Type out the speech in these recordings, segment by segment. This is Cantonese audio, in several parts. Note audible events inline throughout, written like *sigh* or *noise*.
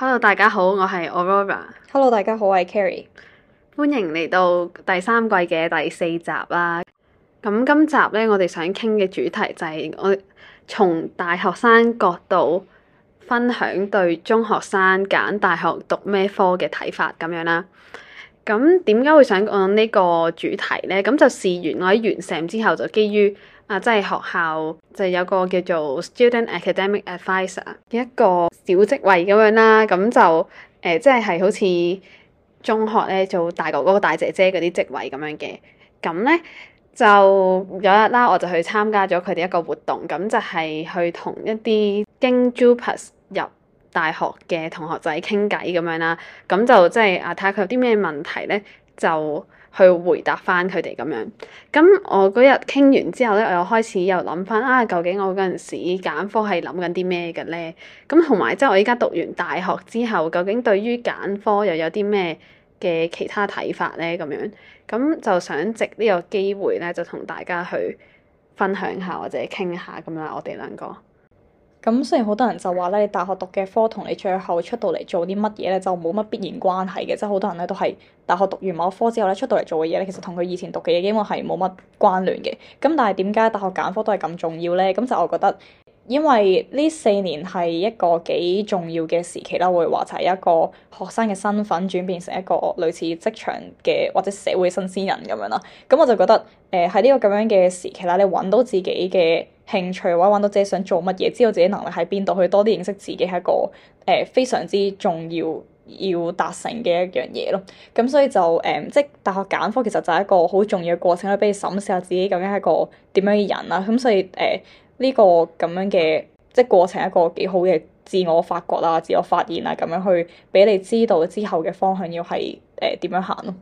Hello，大家好，我係 Aurora。Hello，大家好，我係 Carrie。歡迎嚟到第三季嘅第四集啦。咁今集咧，我哋想傾嘅主題就係、是、我從大學生角度分享對中學生揀大學讀咩科嘅睇法咁樣啦。咁點解會想講呢個主題呢？咁就試完我喺完成之後就基於。啊，即係學校就有個叫做 student academic advisor 嘅一個小職位咁樣啦，咁就誒，即係係好似中學咧做大哥哥、大姐姐嗰啲職位咁樣嘅，咁咧就有一日啦、啊，我就去參加咗佢哋一個活動，咁就係去同一啲經 Jupas 入大學嘅同學仔傾偈咁樣啦，咁就即係啊，睇下佢有啲咩問題咧就。去回答翻佢哋咁樣，咁我嗰日傾完之後咧，我又開始又諗翻啊，究竟我嗰陣時揀科係諗緊啲咩嘅咧？咁同埋即係我依家讀完大學之後，究竟對於揀科又有啲咩嘅其他睇法咧？咁樣，咁就想藉呢個機會咧，就同大家去分享下或者傾下咁啦，我哋兩個。咁雖然好多人就話咧，你大學讀嘅科同你最後出到嚟做啲乜嘢咧，就冇乜必然關係嘅，即係好多人咧都係大學讀完某科之後咧，出到嚟做嘅嘢咧，其實同佢以前讀嘅嘢基本係冇乜關聯嘅。咁但係點解大學揀科都係咁重要咧？咁就我覺得。因為呢四年係一個幾重要嘅時期啦，會話就係一個學生嘅身份轉變成一個類似職場嘅或者社會新鮮人咁樣啦。咁我就覺得，誒喺呢個咁樣嘅時期啦，你揾到自己嘅興趣，或者揾到自己想做乜嘢，知道自己能力喺邊度，去多啲認識自己係一個誒、呃、非常之重要要達成嘅一樣嘢咯。咁所以就誒、呃，即係大學揀科其實就係一個好重要嘅過程啦，俾你審視下自己究竟係一個點樣嘅人啦。咁所以誒。呃呢個咁樣嘅即係過程，一個幾好嘅自我發覺啊、自我發現啊，咁樣去畀你知道之後嘅方向要係誒點樣行咯。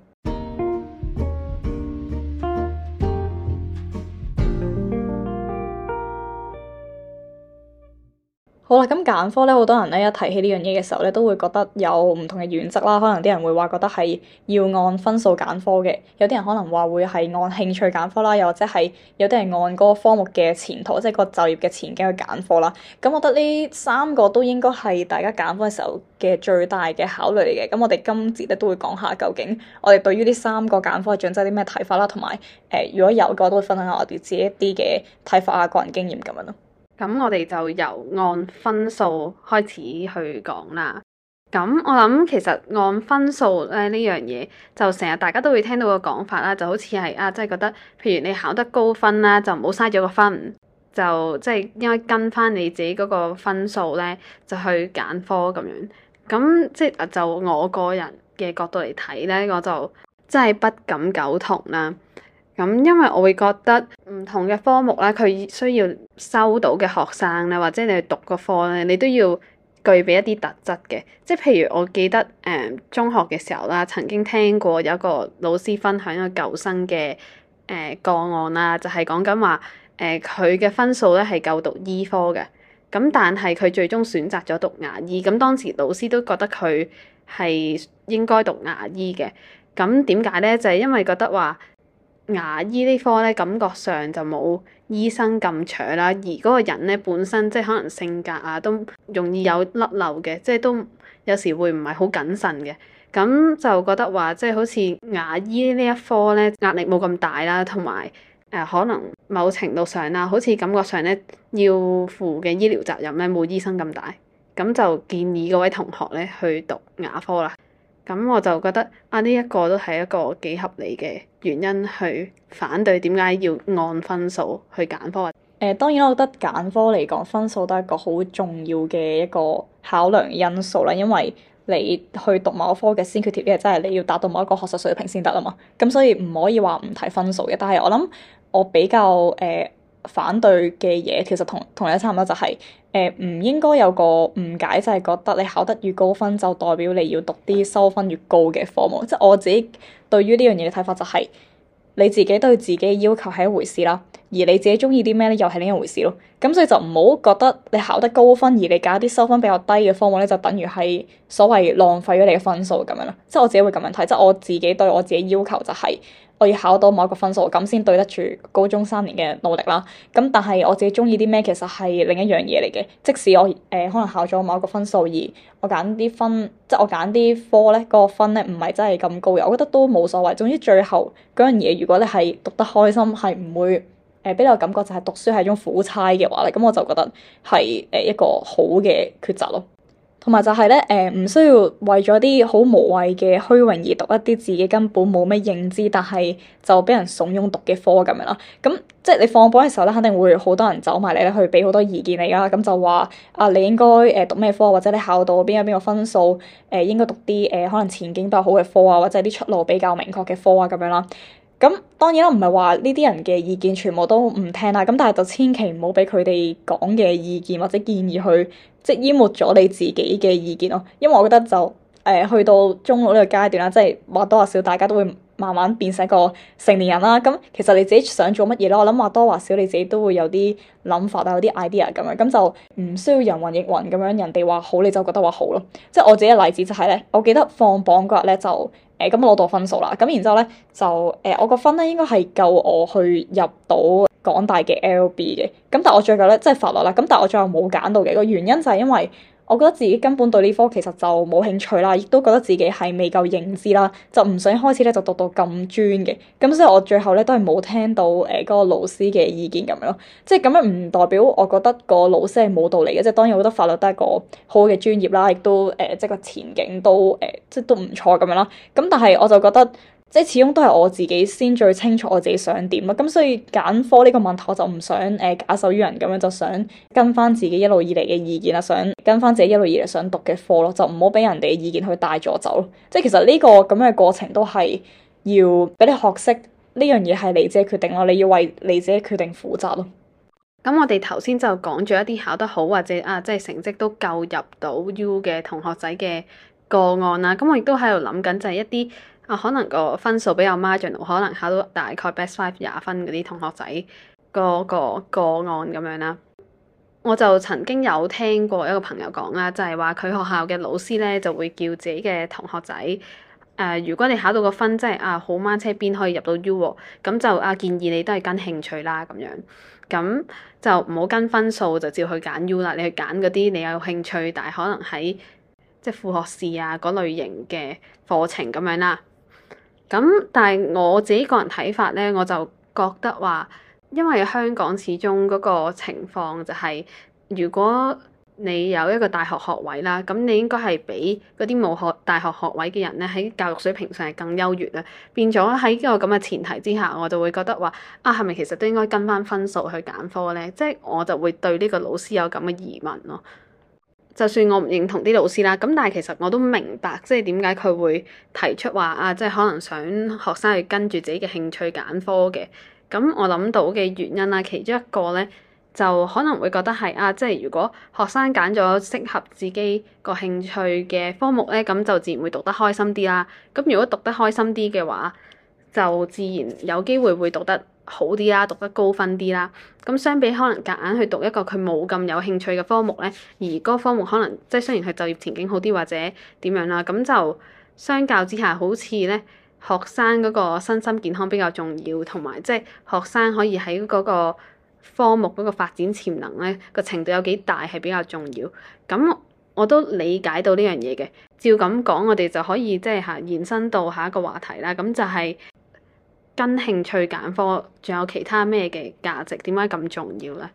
好啦，咁揀科咧，好多人咧一提起呢樣嘢嘅時候咧，都會覺得有唔同嘅原則啦。可能啲人會話覺得係要按分數揀科嘅，有啲人可能話會係按興趣揀科啦，又或者係有啲人按嗰個科目嘅前途，即係個就業嘅前景去揀科啦。咁我覺得呢三個都應該係大家揀科嘅時候嘅最大嘅考慮嚟嘅。咁我哋今次咧都會講下究竟我哋對於呢三個揀科嘅準則有啲咩睇法啦，同埋誒如果有嘅話，都會分享下我哋自己一啲嘅睇法啊、個人經驗咁樣咯。咁我哋就由按分數開始去講啦。咁我諗其實按分數咧呢樣嘢就成日大家都會聽到個講法啦，就好似係啊，即係覺得譬如你考得高分啦，就唔好嘥咗個分，就即係應該跟翻你自己嗰個分數咧就去揀科咁樣。咁即係就就我個人嘅角度嚟睇咧，我就真係不敢苟同啦。咁因為我會覺得唔同嘅科目咧，佢需要。收到嘅學生咧，或者你讀個科咧，你都要具備一啲特質嘅。即係譬如我記得誒、呃、中學嘅時候啦，曾經聽過有一個老師分享一個舊生嘅誒、呃、個案啦，就係講緊話誒佢嘅分數咧係夠讀醫科嘅，咁但係佢最終選擇咗讀牙醫，咁當時老師都覺得佢係應該讀牙醫嘅。咁點解咧？就係、是、因為覺得話。牙醫呢科咧，感覺上就冇醫生咁長啦，而嗰個人咧，本身即係可能性格啊都容易有甩漏嘅，即係都有時會唔係好謹慎嘅，咁就覺得話即係好似牙醫呢一科咧，壓力冇咁大啦，同埋誒可能某程度上啦，好似感覺上呢要負嘅醫療責任呢冇醫生咁大，咁就建議嗰位同學呢去讀牙科啦。咁我就覺得啊，呢、這個、一個都係一個幾合理嘅原因去反對點解要按分數去揀科啊？誒、呃，當然我覺得揀科嚟講，分數都係一個好重要嘅一個考量因素啦，因為你去讀某一科嘅先決條件，真係你要達到某一個學術水平先得啊嘛。咁所以唔可以話唔睇分數嘅，但係我諗我比較誒。呃反對嘅嘢，其實同同你差唔多，就係誒唔應該有個誤解，就係、是、覺得你考得越高分，就代表你要讀啲收分越高嘅科目。即係我自己對於呢樣嘢嘅睇法、就是，就係你自己對自己嘅要求係一回事啦，而你自己中意啲咩咧，又係另一回事咯。咁所以就唔好覺得你考得高分，而你揀啲收分比較低嘅科目咧，就等於係所謂浪費咗你嘅分數咁樣咯。即係我自己會咁樣睇，即係我自己對我自己要求就係、是。我要考到某一個分數，咁先對得住高中三年嘅努力啦。咁但係我自己中意啲咩，其實係另一樣嘢嚟嘅。即使我誒、呃、可能考咗某一個分數，而我揀啲分，即係我揀啲科咧，個分咧唔係真係咁高嘅，我覺得都冇所謂。總之最後嗰樣嘢，如果你係讀得開心，係唔會誒俾、呃、你嘅感覺就係讀書係種苦差嘅話咧，咁我就覺得係誒一個好嘅抉擇咯。同埋就係、是、咧，誒、呃、唔需要為咗啲好無謂嘅虛榮而讀一啲自己根本冇咩認知，但係就俾人慫恿讀嘅科咁樣啦。咁、嗯、即係你放榜嘅時候咧，肯定會好多人走埋嚟咧，去俾好多意見你㗎啦。咁、嗯、就話啊，你應該誒、呃、讀咩科，或者你考到邊一邊個分數誒、呃、應該讀啲誒、呃、可能前景比較好嘅科啊，或者啲出路比較明確嘅科啊咁樣啦。咁當然啦，唔係話呢啲人嘅意見全部都唔聽啦，咁但係就千祈唔好俾佢哋講嘅意見或者建議去即係、就是、淹沒咗你自己嘅意見咯。因為我覺得就誒、呃、去到中六呢個階段啦，即係或多或少大家都會慢慢變成一個成年人啦。咁、嗯、其實你自己想做乜嘢咧？我諗或多或少你自己都會有啲諗法啊，有啲 idea 咁樣，咁就唔需要人云亦云咁樣，人哋話好你就覺得話好咯。即係我自己嘅例子就係、是、咧，我記得放榜嗰日咧就。誒咁我攞到分數啦，咁然之後咧就誒、呃、我個分咧應該係夠我去入到港大嘅 LB 嘅，咁但係我最後咧即係法律啦，咁但係我最後冇揀到嘅個原因就係因為。我覺得自己根本對呢科其實就冇興趣啦，亦都覺得自己係未夠認知啦，就唔想開始咧就讀到咁專嘅。咁所以我最後咧都係冇聽到誒嗰、呃那個老師嘅意見咁樣咯。即係咁樣唔代表我覺得個老師係冇道理嘅。即係當然我覺得法律都係一個好嘅專業啦，亦都誒、呃、即係個前景都誒、呃、即係都唔錯咁樣啦。咁但係我就覺得。即係始終都係我自己先最清楚我自己想點啊，咁所以揀科呢個問題我就唔想誒、呃、假手於人咁樣，就想跟翻自己一路以嚟嘅意見啊，想跟翻自己一路以嚟想讀嘅科咯，就唔好俾人哋嘅意見去帶咗走。即係其實呢、呢個咁嘅過程都係要俾你學識呢樣嘢係你自己決定咯，你要為你自己決定負責咯。咁我哋頭先就講咗一啲考得好或者啊即係、就係、成績都夠入到 U 嘅同學仔嘅個案啦，咁我亦都喺度諗緊就係一啲。啊，可能個分數比較 marginal 可能考到大概 best five 廿分嗰啲同學仔個個個案咁樣啦。我就曾經有聽過一個朋友講啦，就係話佢學校嘅老師咧就會叫自己嘅同學仔誒、呃，如果你考到個分即係啊好掹車邊可以入到 U，咁、啊、就啊建議你都係跟興趣啦咁樣，咁就唔好跟分數就照去揀 U 啦。你去揀嗰啲你有興趣，但係可能喺即係副學士啊嗰類型嘅課程咁樣啦。咁，但係我自己個人睇法咧，我就覺得話，因為香港始終嗰個情況就係，如果你有一個大學學位啦，咁你應該係比嗰啲冇學大學學位嘅人咧喺教育水平上係更優越啦。變咗喺呢個咁嘅前提之下，我就會覺得話啊，係咪其實都應該跟翻分數去揀科咧？即係我就會對呢個老師有咁嘅疑問咯。就算我唔認同啲老師啦，咁但係其實我都明白，即係點解佢會提出話啊，即係可能想學生去跟住自己嘅興趣揀科嘅。咁、啊、我諗到嘅原因啦，其中一個咧就可能會覺得係啊，即係如果學生揀咗適合自己個興趣嘅科目咧，咁、啊、就自然會讀得開心啲啦。咁、啊、如果讀得開心啲嘅話，就自然有機會會讀得好啲啦，讀得高分啲啦。咁相比可能夾硬，硬去讀一個佢冇咁有興趣嘅科目呢，而嗰科目可能即係雖然係就業前景好啲或者點樣啦，咁就相較之下，好似呢學生嗰個身心健康比較重要，同埋即係學生可以喺嗰個科目嗰個發展潛能呢個程度有幾大係比較重要。咁我都理解到呢樣嘢嘅。照咁講，我哋就可以即係嚇延伸到下一個話題啦。咁就係、是。跟興趣揀科，仲有其他咩嘅價值？點解咁重要咧？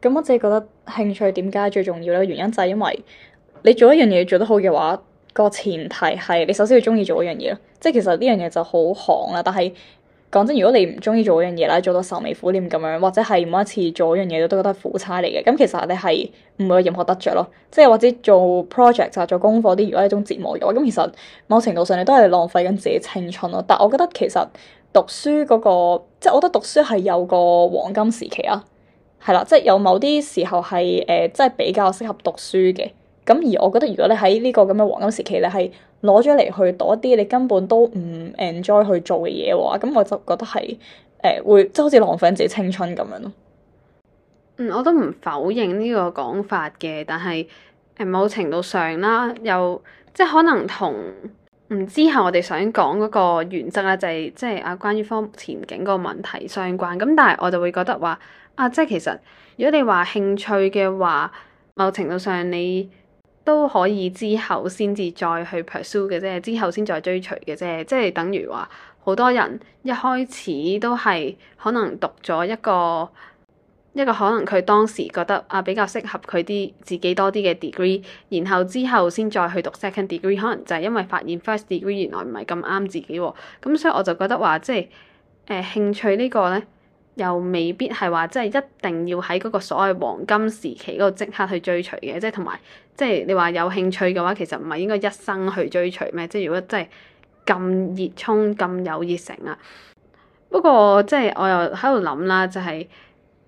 咁我自己覺得興趣點解最重要咧？原因就係因為你做一樣嘢做得好嘅話，個前提係你首先要鍾意做一樣嘢咯。即係其實呢樣嘢就好行啦，但係。講真，如果你唔鍾意做嗰樣嘢啦，做到愁眉苦臉咁樣，或者係每一次做嗰樣嘢都都覺得係苦差嚟嘅，咁其實你係唔會有任何得着咯。即係或者做 project 就做功課啲，如果係一種折磨嘅話，咁其實某程度上你都係浪費緊自己青春咯。但係我覺得其實讀書嗰個，即係我覺得讀書係有個黃金時期啊，係啦，即係有某啲時候係誒，即係比較適合讀書嘅。咁而我覺得如果你喺呢個咁嘅黃金時期你係。攞咗嚟去做啲你根本都唔 enjoy 去做嘅嘢，咁我就覺得係誒、呃、會即係好似浪費自己青春咁樣咯。嗯，我都唔否認呢個講法嘅，但係誒、呃、某程度上啦，又即係可能同唔知。嗯、之後我哋想講嗰個原則咧，就係、是、即係啊關於方前景個問題相關。咁但係我就會覺得話啊，即係其實如果你話興趣嘅話，某程度上你都可以之後先至再去 pursue 嘅啫，之後先再追隨嘅啫，即係等於話好多人一開始都係可能讀咗一個一個可能佢當時覺得啊比較適合佢啲自己多啲嘅 degree，然後之後先再去讀 second degree，可能就係因為發現 first degree 原來唔係咁啱自己喎，咁所以我就覺得話即係誒、呃、興趣個呢個咧。又未必係話即係一定要喺嗰個所謂黃金時期嗰度即刻去追隨嘅，即係同埋即係你話有興趣嘅話，其實唔係應該一生去追隨咩？即係如果真係咁熱衷、咁有熱誠啊。不過即係我又喺度諗啦，就係、是、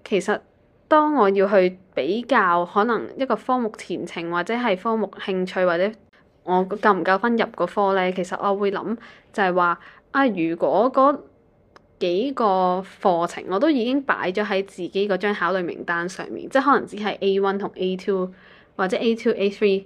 其實當我要去比較可能一個科目前程，或者係科目興趣，或者我夠唔夠分入個科咧，其實我會諗就係話啊，如果嗰、那個幾個課程我都已經擺咗喺自己嗰張考慮名單上面，即係可能只係 A one 同 A two 或者 A two A three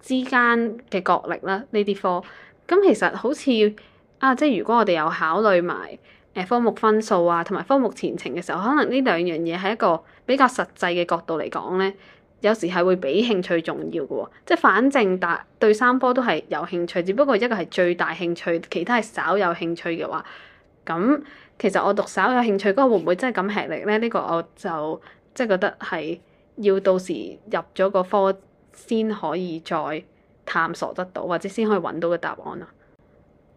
之間嘅角力啦，呢啲科咁其實好似啊，即係如果我哋有考慮埋誒科目分數啊，同埋科目前程嘅時候，可能呢兩樣嘢係一個比較實際嘅角度嚟講咧，有時係會比興趣重要嘅喎、哦，即係反正大對三科都係有興趣，只不過一個係最大興趣，其他係稍有興趣嘅話。咁其實我讀稍有興趣，嗰個會唔會真係咁吃力咧？呢、這個我就即係覺得係要到時入咗個科先可以再探索得到，或者先可以揾到個答案啦。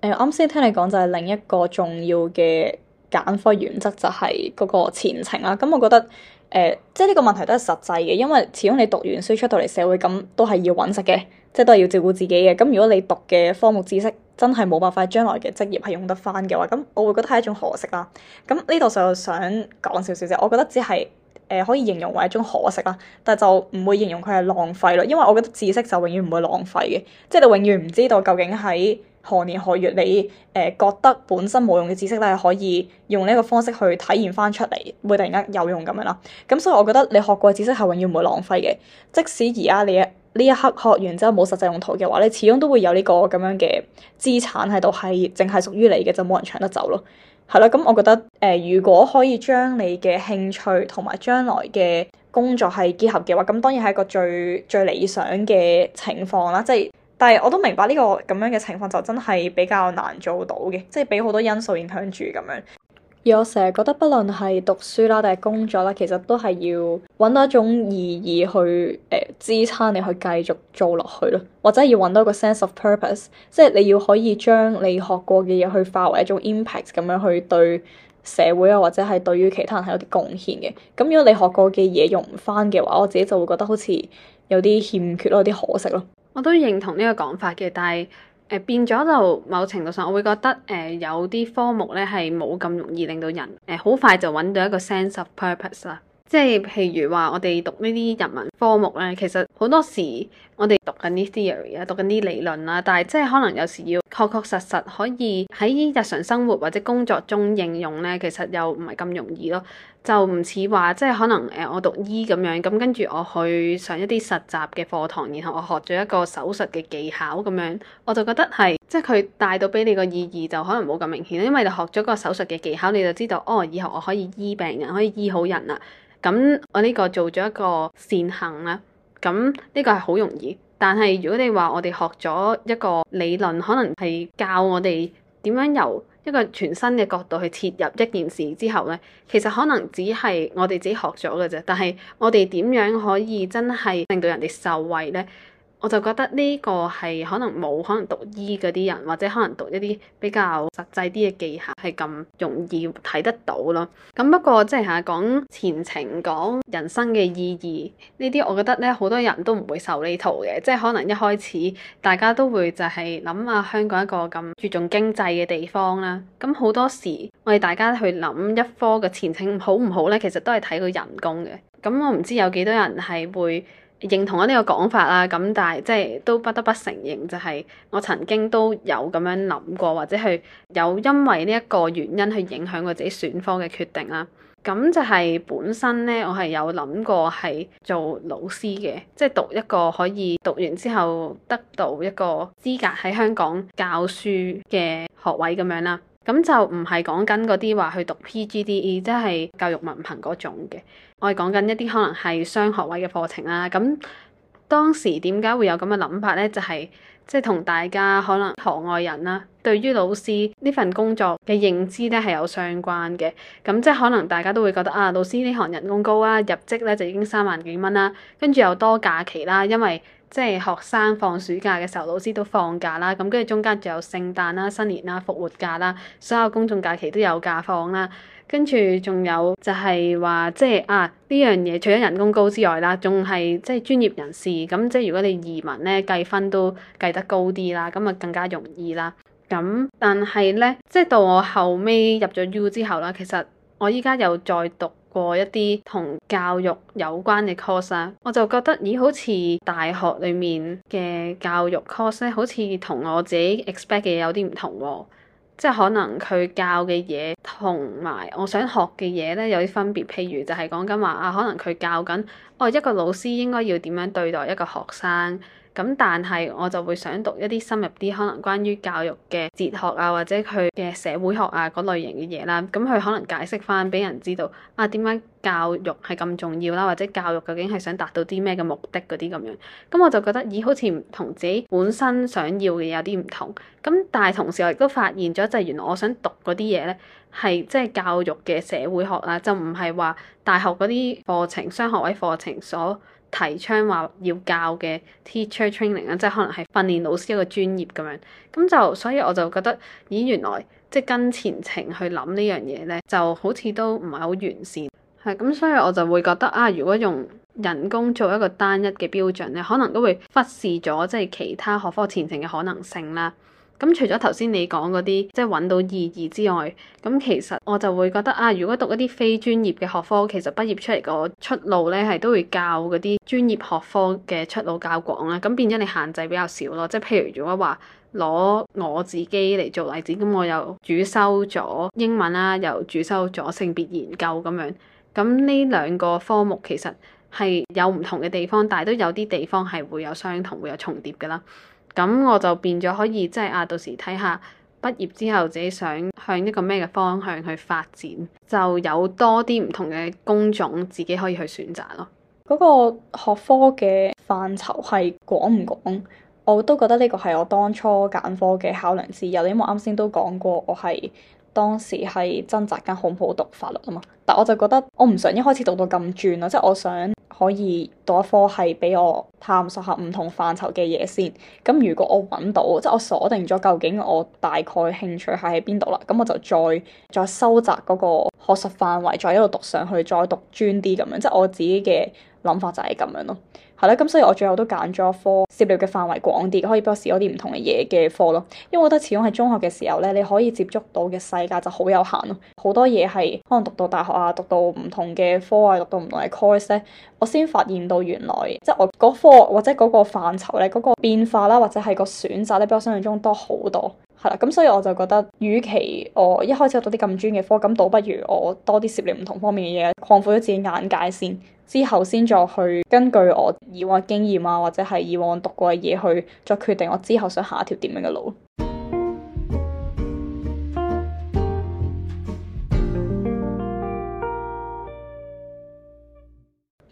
誒、嗯，啱先聽你講就係、是、另一個重要嘅揀科原則，就係嗰個前程啦。咁、嗯、我覺得誒、呃，即係呢個問題都係實際嘅，因為始終你讀完書出到嚟社會，咁都係要揾食嘅，即係都係要照顧自己嘅。咁、嗯、如果你讀嘅科目知識，真係冇辦法，將來嘅職業係用得翻嘅話，咁我會覺得係一種可惜啦。咁呢度就想講少少啫，我覺得只係誒、呃、可以形容為一種可惜啦，但係就唔會形容佢係浪費咯，因為我覺得知識就永遠唔會浪費嘅，即係你永遠唔知道究竟喺何年何月你誒、呃、覺得本身冇用嘅知識咧，可以用呢個方式去體驗翻出嚟，會突然間有用咁樣啦。咁所以我覺得你學過嘅知識係永遠唔會浪費嘅，即使而家你呢一刻學完之後冇實際用途嘅話，你始終都會有呢個咁樣嘅資產喺度，係淨係屬於你嘅就冇人搶得走咯。係啦，咁我覺得誒、呃，如果可以將你嘅興趣同埋將來嘅工作係結合嘅話，咁當然係一個最最理想嘅情況啦。即係，但係我都明白呢個咁樣嘅情況就真係比較難做到嘅，即係俾好多因素影響住咁樣。而我成日覺得，不論係讀書啦，定係工作啦，其實都係要揾到一種意義去誒、呃、支撐你去繼續做落去咯，或者要揾到一個 sense of purpose，即係你要可以將你學過嘅嘢去化為一種 impact 咁樣去對社會啊，或者係對於其他人係有啲貢獻嘅。咁如果你學過嘅嘢用唔翻嘅話，我自己就會覺得好似有啲欠缺咯，有啲可惜咯。我都認同呢個講法嘅，但係。誒變咗就某程度上，我會覺得誒、呃、有啲科目咧係冇咁容易令到人誒好、呃、快就揾到一個 sense of purpose 啦。即係譬如話我哋讀呢啲人文科目咧，其實好多時我哋讀緊啲 theory 啊，讀緊啲理論啦，但係即係可能有時要確確實實可以喺日常生活或者工作中應用咧，其實又唔係咁容易咯。就唔似話即係可能誒，我讀醫咁樣，咁跟住我去上一啲實習嘅課堂，然後我學咗一個手術嘅技巧咁樣，我就覺得係即係佢帶到俾你個意義就可能冇咁明顯，因為你學咗嗰個手術嘅技巧，你就知道哦，以後我可以醫病人，可以醫好人啦。咁我呢個做咗一個善行啦。咁呢個係好容易，但係如果你話我哋學咗一個理論，可能係教我哋點樣由一個全新嘅角度去切入一件事之後呢，其實可能只係我哋自己學咗嘅啫。但係我哋點樣可以真係令到人哋受惠呢？我就覺得呢個係可能冇可能讀醫嗰啲人，或者可能讀一啲比較實際啲嘅技巧係咁容易睇得到咯。咁不過即係嚇講前程、講人生嘅意義呢啲，我覺得咧，好多人都唔會受呢套嘅，即係可能一開始大家都會就係諗啊，香港一個咁注重經濟嘅地方啦。咁好多時我哋大家去諗一科嘅前程好唔好呢？其實都係睇個人工嘅。咁我唔知有幾多人係會。認同我呢個講法啦，咁但係即係都不得不承認，就係我曾經都有咁樣諗過，或者係有因為呢一個原因去影響過自己選科嘅決定啦。咁就係本身咧，我係有諗過係做老師嘅，即係讀一個可以讀完之後得到一個資格喺香港教書嘅學位咁樣啦。咁就唔係講緊嗰啲話去讀 PGDE，即係教育文憑嗰種嘅。我係講緊一啲可能係雙學位嘅課程啦。咁當時點解會有咁嘅諗法呢？就係即係同大家可能行外人啦，對於老師呢份工作嘅認知咧係有相關嘅。咁即係可能大家都會覺得啊，老師呢行人工高啊，入職咧就已經三萬幾蚊啦，跟住又多假期啦，因為即係學生放暑假嘅時候，老師都放假啦。咁跟住中間仲有聖誕啦、新年啦、復活假啦，所有公眾假期都有假放啦。跟住仲有就係話，即係啊呢樣嘢，除咗人工高之外啦，仲係即係專業人士。咁即係如果你移民咧，計分都計得高啲啦，咁啊更加容易啦。咁但係咧，即係到我後尾入咗 U 之後啦，其實我依家又再讀過一啲同教育有關嘅 course 啊，我就覺得咦，好似大學裡面嘅教育 course 咧，好似同我自己 expect 嘅嘢有啲唔同喎，啊，即係可能佢教嘅嘢同埋我想學嘅嘢咧，有啲分別。譬如就係講緊話啊，可能佢教緊哦一個老師應該要點樣對待一個學生。咁但係我就會想讀一啲深入啲，可能關於教育嘅哲學啊，或者佢嘅社會學啊嗰類型嘅嘢啦。咁佢可能解釋翻俾人知道啊，點解教育係咁重要啦，或者教育究竟係想達到啲咩嘅目的嗰啲咁樣。咁我就覺得咦，好似同自己本身想要嘅嘢有啲唔同。咁但係同時我亦都發現咗，就係原來我想讀嗰啲嘢咧，係即係教育嘅社會學啊，就唔係話大學嗰啲課程，雙學位課程所。提倡話要教嘅 teacher training 啦，即係可能係訓練老師一個專業咁樣，咁就所以我就覺得，咦，原來即係跟前程去諗呢樣嘢咧，就好似都唔係好完善，係咁，所以我就會覺得啊，如果用人工做一個單一嘅標準咧，可能都會忽視咗即係其他學科前程嘅可能性啦。咁除咗頭先你講嗰啲，即係揾到意義之外，咁其實我就會覺得啊，如果讀一啲非專業嘅學科，其實畢業出嚟個出路呢，係都會較嗰啲專業學科嘅出路較廣啦。咁變咗你限制比較少咯。即係譬如如果話攞我自己嚟做例子，咁我又主修咗英文啦，又主修咗性別研究咁樣。咁呢兩個科目其實係有唔同嘅地方，但係都有啲地方係會有相同，會有重疊㗎喇。咁我就變咗可以即係啊，到時睇下畢業之後自己想向一個咩嘅方向去發展，就有多啲唔同嘅工種自己可以去選擇咯。嗰個學科嘅範疇係廣唔廣？我都覺得呢個係我當初揀科嘅考量之一。因為啱先都講過我係。當時係掙扎緊好唔好讀法律啊嘛，但我就覺得我唔想一開始讀到咁專咯，即係我想可以讀一科係俾我探索下唔同範疇嘅嘢先。咁如果我揾到，即係我鎖定咗究竟我大概興趣係喺邊度啦，咁我就再再收窄嗰個學術範圍，再一路讀上去，再讀專啲咁樣。即係我自己嘅諗法就係咁樣咯。係啦，咁所以我最後都揀咗一科涉獵嘅範圍廣啲，可以俾我試多啲唔同嘅嘢嘅科咯。因為我覺得始終喺中學嘅時候咧，你可以接觸到嘅世界就好有限咯，好多嘢係可能讀到大學啊，讀到唔同嘅科啊，讀到唔同嘅 course 咧，我先發現到原來即係、就是、我嗰科或者嗰個範疇咧，嗰、嗰個變化啦、啊，或者係個選擇咧，比我想像中多好多。係啦，咁所以我就覺得，與其我一開始讀啲咁專嘅科，咁倒不如我多啲涉獵唔同方面嘅嘢，擴闊咗自己眼界先。之後先再去根據我以往經驗啊，或者係以往讀過嘅嘢去，再決定我之後想下一條點樣嘅路。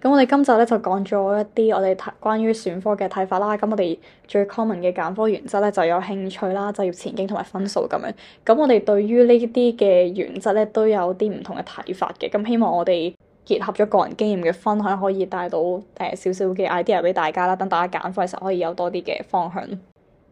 咁 *music* 我哋今集咧就講咗一啲我哋睇關於選科嘅睇法啦。咁我哋最 common 嘅揀科原則咧就有興趣啦，就業前景同埋分數咁樣。咁我哋對於呢啲嘅原則咧都有啲唔同嘅睇法嘅。咁希望我哋結合咗個人經驗嘅分享，可以帶到誒少、呃、少嘅 idea 俾大家啦。等大家揀科嘅時候，可以有多啲嘅方向。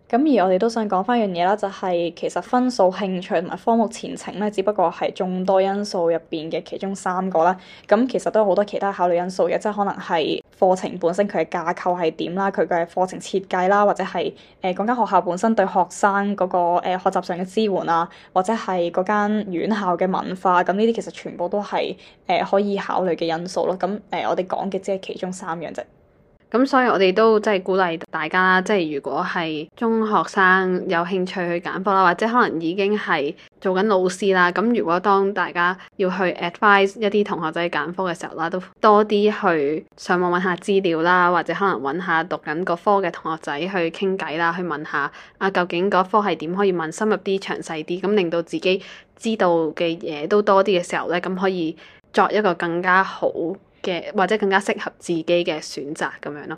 咁而我哋都想講翻一樣嘢啦，就係、是、其實分數、興趣同埋科目前程咧，只不過係眾多因素入邊嘅其中三個啦。咁其實都有好多其他考慮因素嘅，即係可能係課程本身佢嘅架構係點啦，佢嘅課程設計啦，或者係誒嗰間學校本身對學生嗰、那個誒、呃、學習上嘅支援啊，或者係嗰間院校嘅文化，咁呢啲其實全部都係誒、呃、可以考慮嘅因素咯。咁誒我哋講嘅即係其中三樣啫。咁所以我哋都即係鼓勵大家啦，即係如果係中學生有興趣去揀科啦，或者可能已經係做緊老師啦，咁如果當大家要去 advise 一啲同學仔揀科嘅時候啦，都多啲去上網揾下資料啦，或者可能揾下讀緊個科嘅同學仔去傾偈啦，去問下啊究竟嗰科係點，可以問深入啲、詳細啲，咁令到自己知道嘅嘢都多啲嘅時候呢，咁可以作一個更加好嘅或者更加適合自己嘅選擇咁樣咯。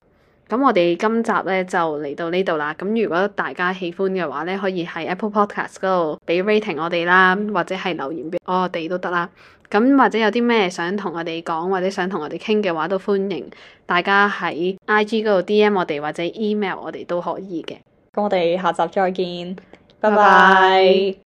咁我哋今集呢就嚟到呢度啦。咁如果大家喜歡嘅話呢，可以喺 Apple Podcast 嗰度俾 rating 我哋啦，或者係留言俾我哋都得啦。咁或者有啲咩想同我哋講，或者想同我哋傾嘅話，都歡迎大家喺 IG 嗰度 DM 我哋，或者 email 我哋都可以嘅。咁我哋下集再見，拜拜 bye。Bye bye